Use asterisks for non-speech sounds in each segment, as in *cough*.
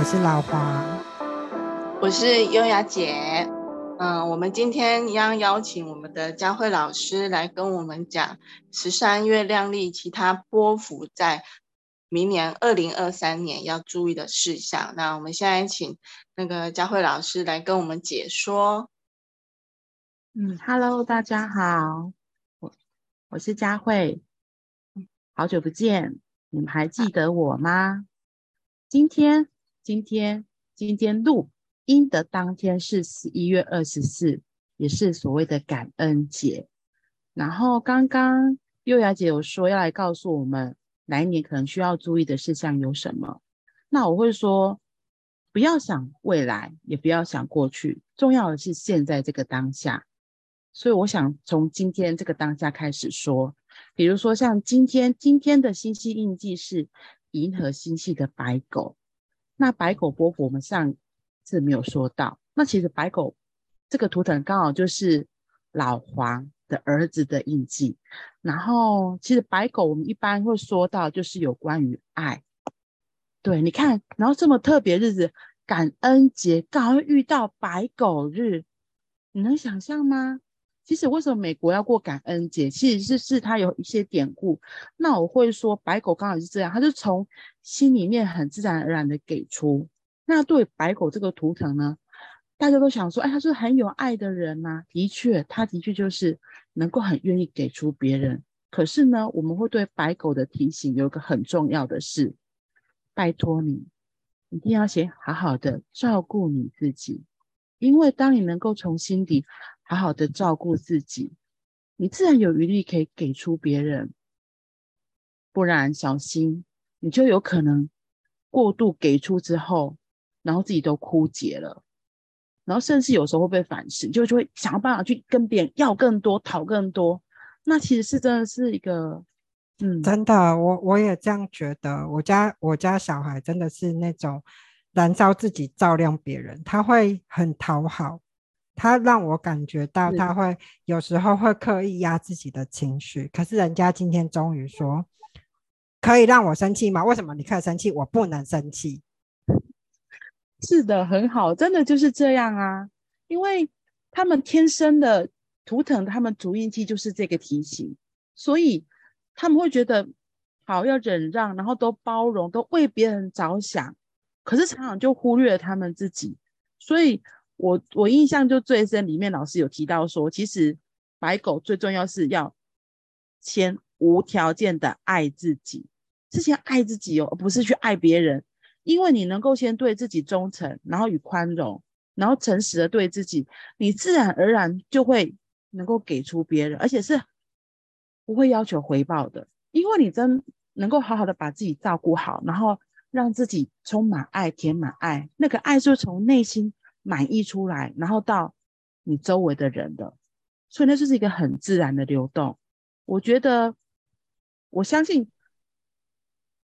我是老黃，我是優雅姐。嗯、呃，我們今天央邀請我們的佳慧老師來跟我們講十三月亮曆其他波幅在明年二零二三年要注意的事項。那我們現在請那個佳慧老師來跟我們解說。嗯，哈嘍，Hello, 大家好，我我是佳慧，好久不見，你們還記得我嗎？啊、今天。今天今天錄音的當天是十一月二十四，也是所謂的感恩節。然後剛剛優雅姐有說要來告訴我們來年可能需要注意的事項有什麼。那我會說，不要想未來，也不要想過去，重要的是現在這個當下。所以我想從今天這個當下開始說，比如說像今天今天的星系印記是銀河星系的白狗。那白狗波波，我們上次沒有說到。那其實白狗這個圖騰剛好就是老黃的兒子的印記。然後，其實白狗我們一般會說到，就是有關於愛。對，你看，然後這麼特別的日子，感恩節剛好遇到白狗日，你能想象嗎？其實為什麼美國要過感恩節？其實是是它有一些典故。那我會說，白狗剛好是這樣，它是從。心裡面很自然而然的給出，那對白狗這個圖騰呢，大家都想說，哎，他是很有愛的人吶、啊。的確，他的確就是能夠很願意給出別人。可是呢，我們會對白狗的提醒有一個很重要的事，拜托你，你一定要先好好的照顧你自己，因為當你能夠從心底好好的照顧自己，你自然有餘力可以給出別人。不然，小心。你就有可能過度給出之後，然後自己都枯竭了，然後甚至有時候會被反噬，就就會想辦法去跟別人要更多、討更多。那其實是真的是一個，嗯，真的，我我也這樣覺得。我家我家小孩真的是那種燃燒自己照亮別人，他會很討好，他讓我感覺到他會是的，有時候會刻意壓自己的情緒，可是人家今天終於說。可以讓我生氣嗎？為什麼你看生氣，我不能生氣？是的，很好，真的就是這樣啊。因為他們天生的圖騰，他們主印記就是這個題型，所以他們會覺得好要忍讓，然後都包容，都為別人着想。可是常常就忽略了他們自己。所以，我我印象就最深，裡面老師有提到說，其實白狗最重要是要牽無條件的愛自己，是先愛自己哦，而不是去愛別人。因為你能夠先對自己忠誠，然後與寬容，然後誠實的對自己，你自然而然就會能夠給出別人，而且是不會要求回報的。因為你真能夠好好的把自己照顧好，然後讓自己充滿愛，填滿愛，那個愛是從內心滿溢出來，然後到你周圍的人的。所以那就是一個很自然的流動，我覺得。我相信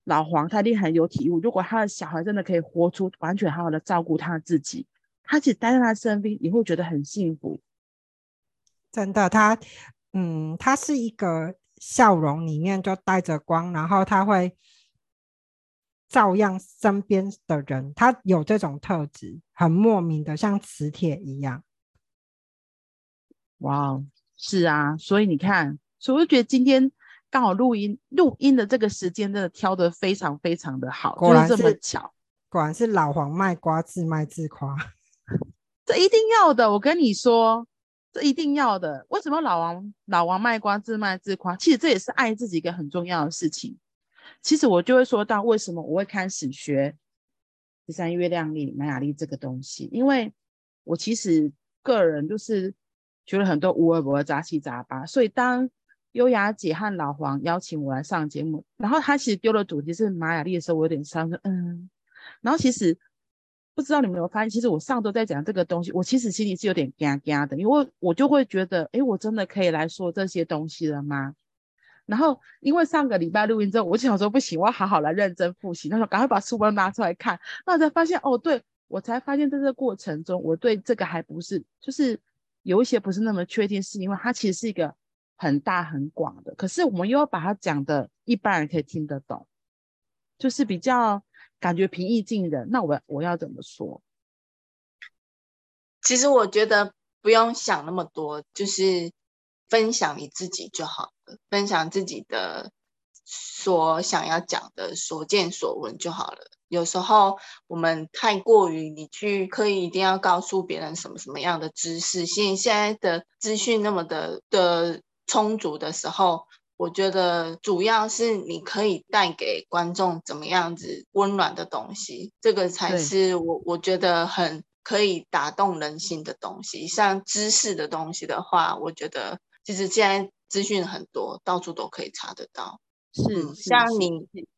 老黃他一定很有體悟。如果他的小孩真的可以活出完全好好的照顧他自己，他其實待在他身邊，你會覺得很幸福。真的，他嗯，他是一個笑容裡面就帶着光，然後他會照亮身邊的人，他有這種特質，很莫名的像磁鐵一樣。哇哦，是啊，所以你看，所以我就覺得今天。剛好錄音，錄音的這個時間真的挑得非常非常的好，果然是就是這麼巧。果然是老黃賣瓜，自賣自誇。 *laughs* 這一定要的，我跟你說，這一定要的。為什麼老王老王賣瓜自賣自誇？其實這也是愛自己一個很重要的事情。其實我就會說到，為什麼我會開始學十三月亮曆、瑪雅曆這個東西？因為我其實個人就是學了很多無為而雜七雜八，所以當。優雅姐和老黃邀請我來上節目，然後他其實丟了主題是瑪雅曆的時候，我有點傷心。嗯。然後其實不知道你們有沒有發現，其實我上周在講這個東西，我其實心裡是有點嘎嘎的，因為我就會覺得，哎、欸，我真的可以來說這些東西了嗎？然後因為上個禮拜錄音之後，我就想說不行，我要好好來認真複習。那時候趕快把書本拿出來看，那我才發現哦，對我才發現在這個過程中，我對這個還不是，就是有一些不是那麼確定，是因為它其實是一個。很大很廣的，可是我們又要把它講的一般人可以聽得懂，就是比較感覺平易近人。那我我要怎麼說？其實我覺得不用想那麼多，就是分享你自己就好了，分享自己的所想要講的所見所聞就好了。有時候我們太過於你去刻意一定要告訴別人什麼什麼樣的知識，現現在的資訊那麼的的。充足的時候，我覺得主要是你可以帶給觀眾怎麼樣子溫暖的東西，這個才是我對我覺得很可以打動人心的東西。像知識的東西的話，我覺得其實現在資訊很多，到處都可以查得到。是，像你。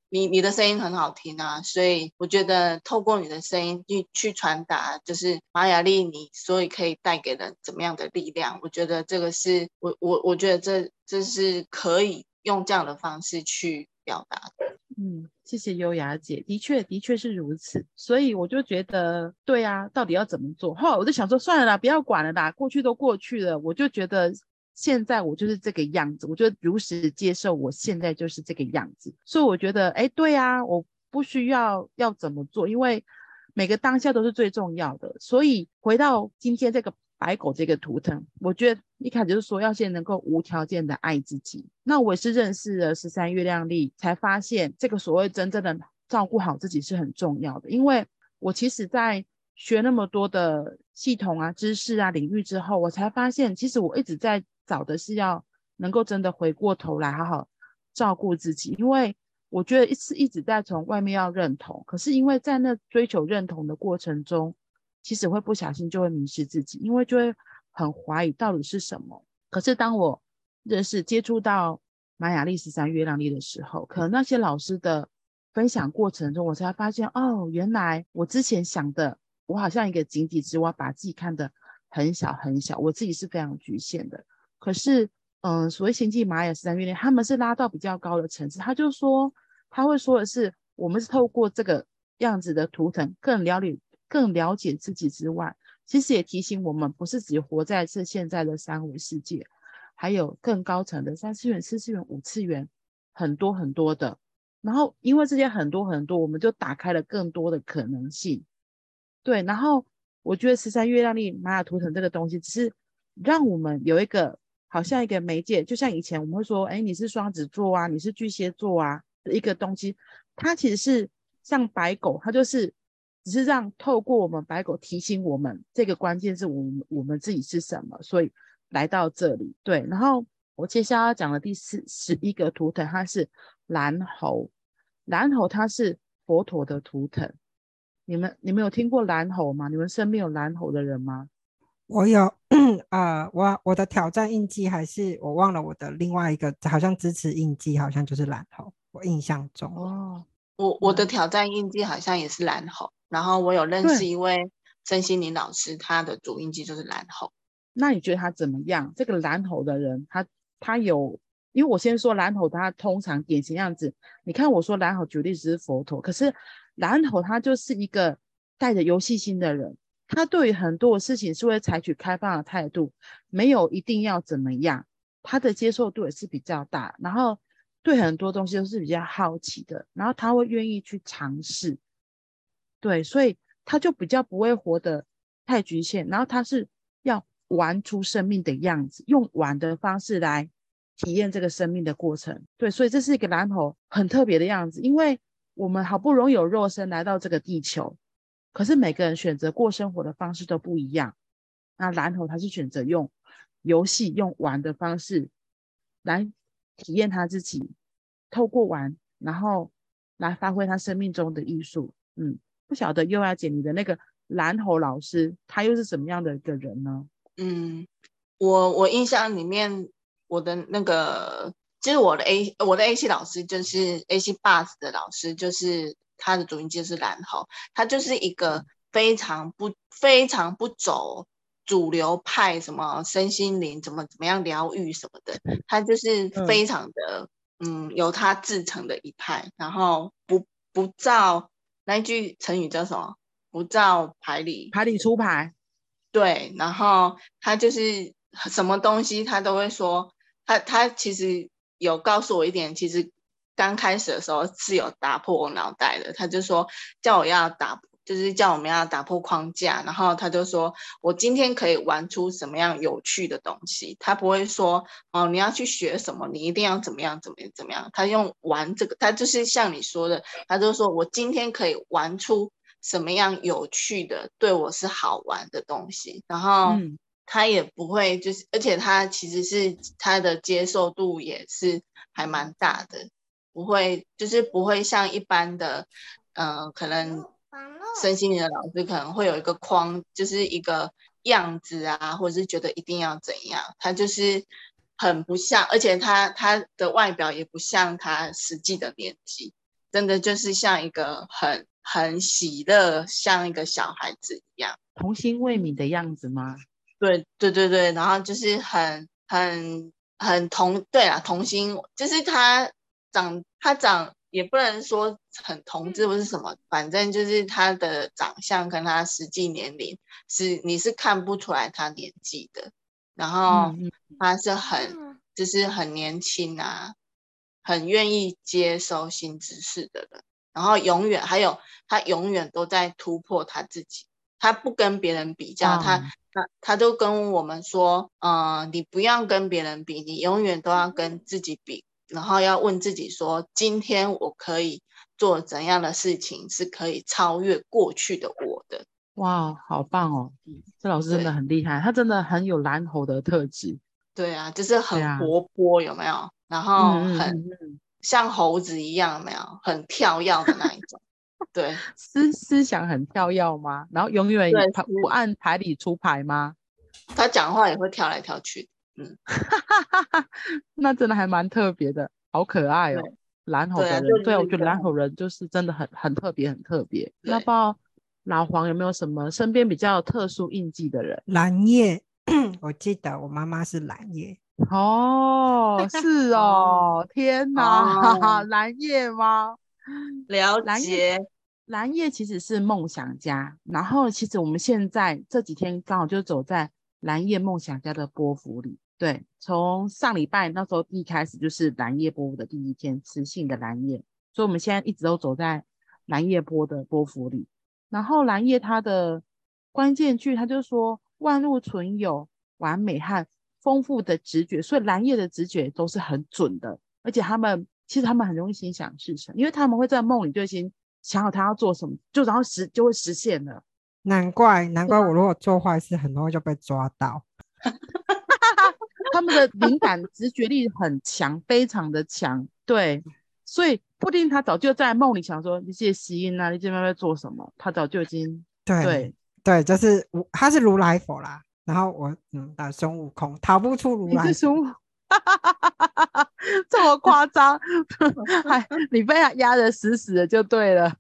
你你的聲音很好聽啊，所以我覺得透過你的聲音去去傳達，就是瑪雅曆，你所以可以帶給人怎麼樣的力量？我覺得這個是我我我覺得這這是可以用這樣的方式去表達的。嗯，謝謝優雅姐，的確的確是如此，所以我就覺得對啊，到底要怎麼做？哈，我就想說算了啦，不要管了啦，過去都過去了，我就覺得。現在我就是這個樣子，我就如實接受我現在就是這個樣子，所以我覺得，哎，對啊，我不需要要怎麼做，因為每個當下都是最重要的。所以回到今天這個白狗這個圖騰，我覺得一開始就是說要先能夠無條件的愛自己。那我也是認識了十三月亮曆，才發現這個所謂真正的照顧好自己是很重要的。因為我其實在學那麼多的系統啊、知識啊、領域之後，我才發現其實我一直在。找的是要能夠真的回過頭來好好照顧自己，因為我覺得一直一直在從外面要認同，可是因為在那追求認同的過程中，其實會不小心就會迷失自己，因為就會很懷疑到底是什麼。可是當我認識接觸到瑪雅曆十三月亮曆的時候，可能那些老師的分享過程中，我才發現，哦，原來我之前想的，我好像一個井底之蛙，把自己看得很小很小，我自己是非常局限的。可是，嗯，所謂星際瑪雅十三月亮，他們是拉到比較高的層次。他就說，他會說的是，我們是透過這個樣子的圖騰，更了解、更了解自己之外，其實也提醒我們，不是只活在這現在的三維世界，還有更高層的三次元、四次元、五次元，很多很多的。然後，因為這些很多很多，我們就打開了更多的可能性。對，然後我覺得十三月亮歷瑪雅圖騰這個東西，只是讓我們有一個。好像一個媒介，就像以前我們會說，哎，你是雙子座啊，你是巨蟹座啊的一個東西，它其實是像白狗，它就是只是讓透過我們白狗提醒我們，這個關鍵是我們我們自己是什麼，所以來到這裡。對，然後我接下來要講的第四十一個圖騰，它是藍猴。藍猴它是佛陀的圖騰，你們你們有聽過藍猴嗎？你們身邊有藍猴的人嗎？我有，呃，我我的挑戰印記還是我忘了我的另外一個好像支持印記，好像就是藍猴。我印象中，哦，我我的挑戰印記好像也是藍猴。嗯、然後我有認識一位曾心林老師，對他的主印記就是藍猴。那你覺得他怎麼樣？這個藍猴的人，他他有，因為我先說藍猴，他通常典型樣子，你看我說藍猴絕對只是佛陀，可是藍猴他就是一個帶着遊戲心的人。他對於很多的事情是會採取開放的態度，沒有一定要怎麼樣，他的接受度也是比較大，然後對很多東西都是比較好奇的，然後他會願意去嘗試，對，所以他就比較不會活得太侷限，然後他是要玩出生命的樣子，用玩的方式來體驗這個生命的過程，對，所以這是一個藍猴很特別的樣子，因為我們好不容易有肉身來到這個地球。可是每個人選擇過生活的方式都不一樣，那藍猴他是選擇用遊戲、用玩的方式來體驗他自己，透過玩，然後來發揮他生命中的藝術。嗯，不曉得悠雅姐，你的那個藍猴老師他又是什麼樣的一個人呢？嗯，我我印象裡面，我的那個就是我的 A，我的 AC 老師就是 AC Bus 的老師，就是。他的主音就是藍猴，他就是一個非常不、非常不走主流派，什麼身心靈、怎麼怎麼樣療癒什麼的，他就是非常的嗯，有、嗯、他自成的一派，然後不不照那句成語叫什麼？不照牌理，牌理出牌。對，然後他就是什麼東西他都會說，他他其實有告訴我一點，其實。剛開始的時候是有打破我腦袋的，他就說叫我要打，就是叫我們要打破框架。然後他就說我今天可以玩出什麼樣有趣的東西。他不會說哦，你要去學什麼，你一定要怎麼樣，怎麼樣，怎麼樣。他用玩這個，他就是像你說的，他就說我今天可以玩出什麼樣有趣的、對我是好玩的東西。然後他也不會，就是而且他其實是他的接受度也是還蠻大的。不會，就是不會像一般的，呃、可能身心靈的老師可能會有一個框，就是一個樣子啊，或者是覺得一定要怎樣，他就是很不像，而且他他的外表也不像他實際的年紀，真的就是像一個很很喜樂，像一個小孩子一樣，童心未泯的樣子嗎？對對對對，然後就是很很很童，對啊，童心就是他。長他長也不能說很同志不是什麼，嗯、反正就是他的長相跟他實際年齡是你是看不出來他年紀的。然後他是很、嗯、就是很年輕啊，很願意接收新知識的人。然後永遠還有他永遠都在突破他自己，他不跟別人比較，嗯、他他他就跟我們說，嗯、呃，你不要跟別人比，你永遠都要跟自己比。然後要問自己說：今天我可以做怎樣的事情是可以超越過去的我的？哇，好棒哦！嗯、這老師真的很厲害，對他真的很有藍猴的特質。對啊，就是很活潑，啊、有沒有？然後很嗯嗯嗯像猴子一樣，有沒有很跳躍的那一種。 *laughs* 對，思思想很跳躍嗎？然後永遠不按牌理出牌嗎？他講話也會跳來跳去。嗯， *laughs* 那真的還蠻特別的，好可愛哦，喔，對藍猴人，對，啊對啊，我覺得藍猴人就是真的很很特，很特別，很特別。那不知道老黃有沒有什麼身邊比較特殊印記的人？藍夜，我記得我媽媽是藍夜。哦，是哦，哦天哪，哦、哈哈藍夜嗎？了解藍夜。藍夜其實是夢想家，然後其實我們現在這幾天剛好就走在藍夜夢想家的波符裡。對，從上禮拜那時候一開始就是藍夜波的第一天，雌性的藍夜，所以我們現在一直都走在藍夜波的波符裡。然後藍夜他的關鍵句他就是說：萬物存有完美和豐富的直覺，所以藍夜的直覺都是很準的。而且他們其實他們很容易心想事成，因為他們會在夢裡就已經想好他要做什麼，就然後實就會實現了。難怪，難怪我如果做壞事，吧很容易就被抓到。 *laughs* 他們的靈感直覺力很強， *laughs* 非常的強，對，所以布丁他早就在夢裡想說你這些基因啊，你現在在做什麼，他早就已經對對對，就是他是如來佛啦，然後我嗯的孫、啊、孫悟空逃不出如來佛哈哈哈哈，這麼誇張，還 *laughs* *laughs* 你被他壓得死死的就對了，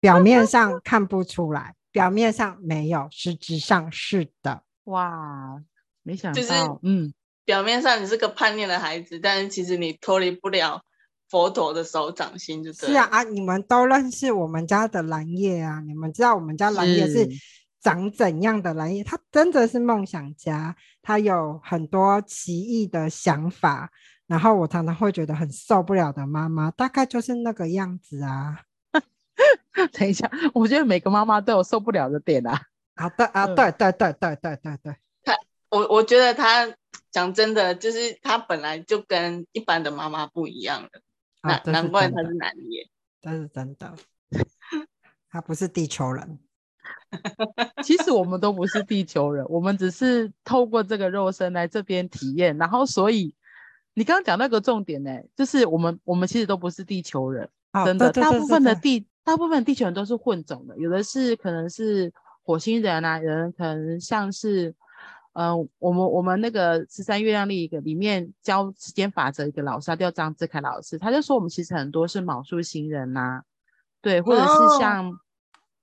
表面上看不出來， *laughs* 表面上沒有，實質上是的，哇，沒想到，就是、嗯。表面上你是個叛逆的孩子，但是其實你脫離不了佛陀的手掌心就對，就是。是啊啊！你們都認識我們家的藍夜啊！你們知道我們家藍夜是長怎樣的藍夜？他是真的是夢想家，他有很多奇異的想法。然後我常常會覺得很受不了的媽媽，大概就是那個樣子啊。 *laughs* 等一下，我覺得每個媽媽都有受不了的點啊！啊對啊、嗯、對對對對對對對。她我我覺得他。講真的，就是他本來就跟一般的媽媽不一樣的難、啊、難怪他是男人，耶。但是真的，真的 *laughs* 他不是地球人。其實我們都不是地球人， *laughs* 我們只是透過這個肉身來這邊體驗。然後，所以你剛剛講那個重點呢、欸，就是我們我們其實都不是地球人，啊、真的，的。大部分的地大部分地球人都是混種的，有的是可能是火星人啊，有人可能像是。嗯、呃，我們我們那個十三月亮曆一個裡面教時間法則一個老師叫張志凱老師，他就說我們其實很多是昴宿星人吶、啊，對，或者是像，哦、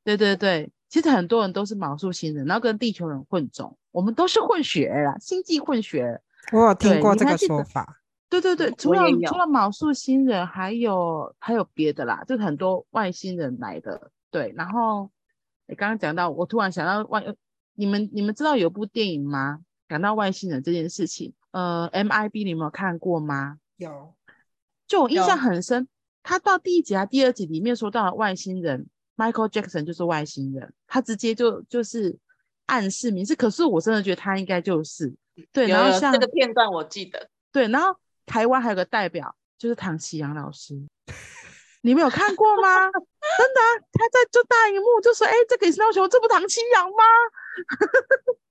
對對對，其實很多人都是昴宿星人，然後跟地球人混種，我們都是混血啦，星際混血。我有聽過這個說法，對對對，除了除了昴宿星人，還有還有別的啦，就是、很多外星人來的，對，然後你剛剛講到，我突然想到外。你們你們知道有部電影嗎？講到外星人這件事情，呃，M I B 你們有看過嗎？有，就我印象很深，有他到第一集啊、第二集裡面說到了外星人，Michael Jackson 就是外星人，他直接就就是暗示名字。可是我真的覺得他應該就是有對，然後像這個片段我記得，對，然後台灣還有個代表就是唐綺陽老師， *laughs* 你們有看過嗎？ *laughs* 真的，他在做大熒幕就說：“哎、欸，這個是那什麼，這不唐綺陽嗎？” *laughs*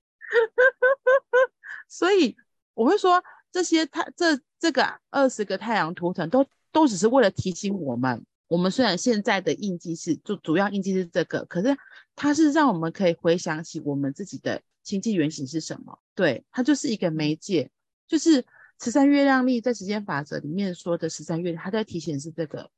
所以我會說這，這些太這這個二十個太陽圖騰都都只是為了提醒我們，我們雖然現在的印記是就主要印記是這個，可是它是讓我們可以回想起我們自己的星際原型是什麼。對，它就是一個媒介，就是十三月亮曆在時間法則裡面說的十三月亮，它在提醒是這個，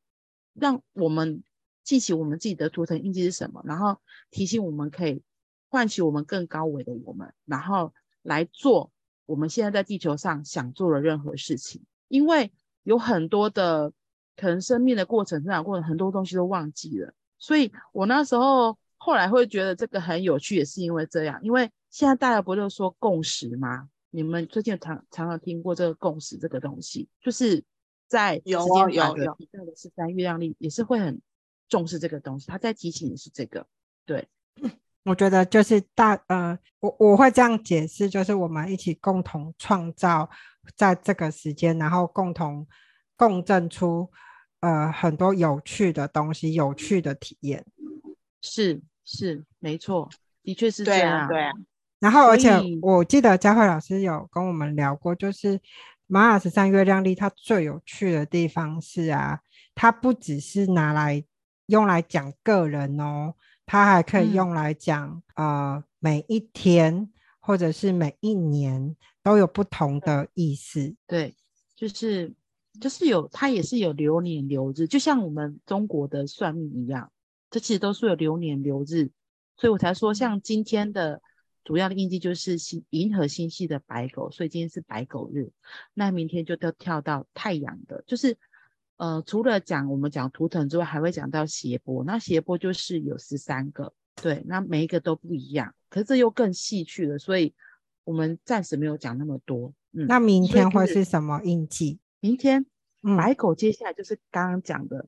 讓我們記起我們自己的圖騰印記是什麼，然後提醒我們可以。喚起我們更高維的我們，然後來做我們現在在地球上想做的任何事情，因為有很多的可能，生命的過程、成長過程，很多東西都忘記了。所以我那時候後來會覺得這個很有趣，也是因為這樣。因為現在大家不都說共識嗎？你們最近常常常聽過這個共識這個東西，就是在有有、哦、有，特別是十三月亮曆也是會很重視這個東西，他在提醒的是這個對。 *laughs* 我覺得就是大，嗯、呃，我我會這樣解釋，就是我們一起共同創造，在這個時間，然後共同共振出，呃，很多有趣的東西，有趣的體驗。是是，沒錯，的確是這樣。對啊。對啊。然後，而且我記得佳慧老師有跟我們聊過，就是《瑪雅十三月亮曆》它最有趣的地方是啊，它不只是拿來用來講個人哦。它還可以用來講，嗯、呃，每一天或者是每一年都有不同的意思。對，對，就是就是有，它也是有流年流日，就像我們中國的算命一樣，這其實都是有流年流日。所以我才說，像今天的主要的印記就是星銀河星系的白狗，所以今天是白狗日，那明天就跳跳到太陽的，就是。呃，除了講我們講圖騰之外，還會講到諧波，那諧波就是有十三個，對，那每一個都不一樣，可是這又更細去了，所以我們暫時沒有講那麼多。嗯，那明天會是什麼印記？嗯、明天白狗，接下來就是剛剛講的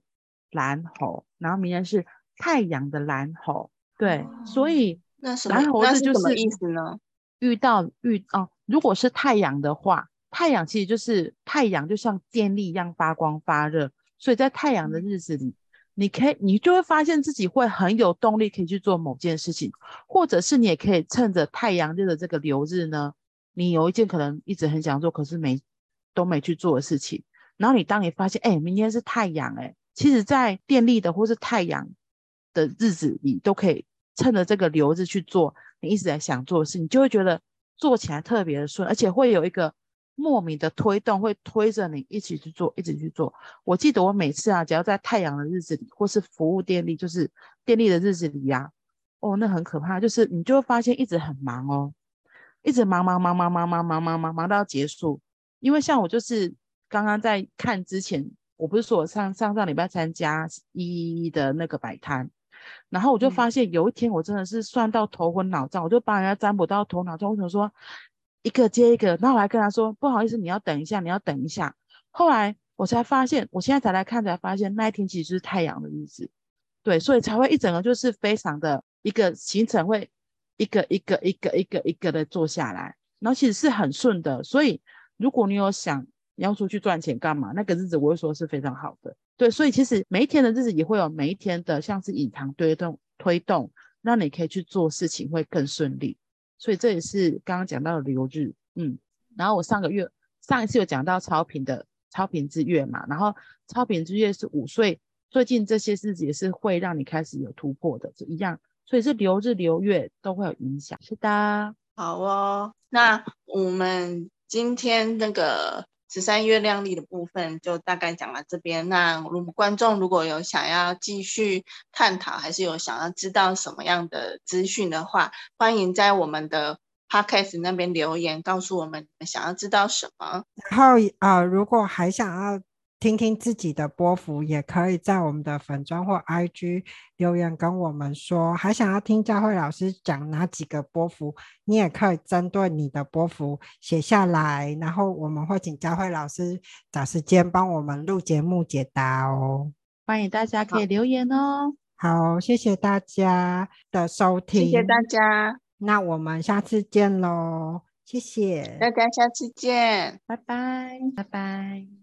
藍猴，嗯、然後明天是太陽的藍猴。對，哦、所以那什麼藍猴子就是、是什麼意思呢？遇到遇哦、啊，如果是太陽的話，太陽其實就是。太陽就像電力一樣發光發熱，所以在太陽的日子裡，你可以你就會發現自己會很有動力，可以去做某件事情，或者是你也可以趁着太陽日的這個流日呢，你有一件可能一直很想做，可是沒都沒去做的事情。然後你當你發現，哎、欸，明天是太陽，哎，其實在電力的或是太陽的日子裡，你都可以趁着這個流日去做你一直在想做的事，你就會覺得做起來特別的順，而且會有一個。莫名的推動會推着你一起去做，一直去做。我記得我每次啊，只要在太陽的日子裡，或是服務電力，就是電力的日子裡呀、啊，哦，那很可怕，就是你就會發現一直很忙哦，一直忙忙忙忙忙忙忙忙忙忙，忙到結束。因為像我就是剛剛在看之前，我不是說我上上上禮拜參加一一一的那個擺攤，然後我就發現有一天我真的是算到頭昏腦脹，嗯、我就幫人家占卜到頭腦脹，我想說。一個接一個，然後我還跟他說不好意思，你要等一下，你要等一下。後來我才發現，我現在才來看才發現，那一天其實是太陽的日子，對，所以才會一整個就是非常的一個行程會一個，一個一個一個一個一個的做下來，然後其實是很順的。所以如果你有想你要出去賺錢幹嘛，那個日子我會說是非常好的，對，所以其實每一天的日子也會有每一天的像是隱藏推動推動，讓你可以去做事情會更順利。所以這也是剛剛講到的流日，嗯，然後我上個月上一次有講到超頻的超頻之月嘛，然後超頻之月是五歲，最近這些日子也是會讓你開始有突破的，一樣，所以是流日流月都會有影響，是的啊，好哦，那我們今天那個。十三月亮曆的部分就大概講到這邊。那我們觀眾如果有想要繼續探討，還是有想要知道什麼樣的資訊的話，歡迎在我們的 podcast 那邊留言，告訴我們你們想要知道什麼。然後啊，如果還想要聽聽自己的波幅，也可以在我們的粉專、或 IG 留言跟我們說，還想要聽佳慧老師講哪幾個波幅，你也可以針對你的波幅寫下來，然後我們會請佳慧老師找時間幫我們錄節目解答哦。歡迎大家可以留言哦。好，好，謝謝大家的收聽，謝謝大家，那我們下次見嘍，謝謝，大家下次見，拜拜，拜拜。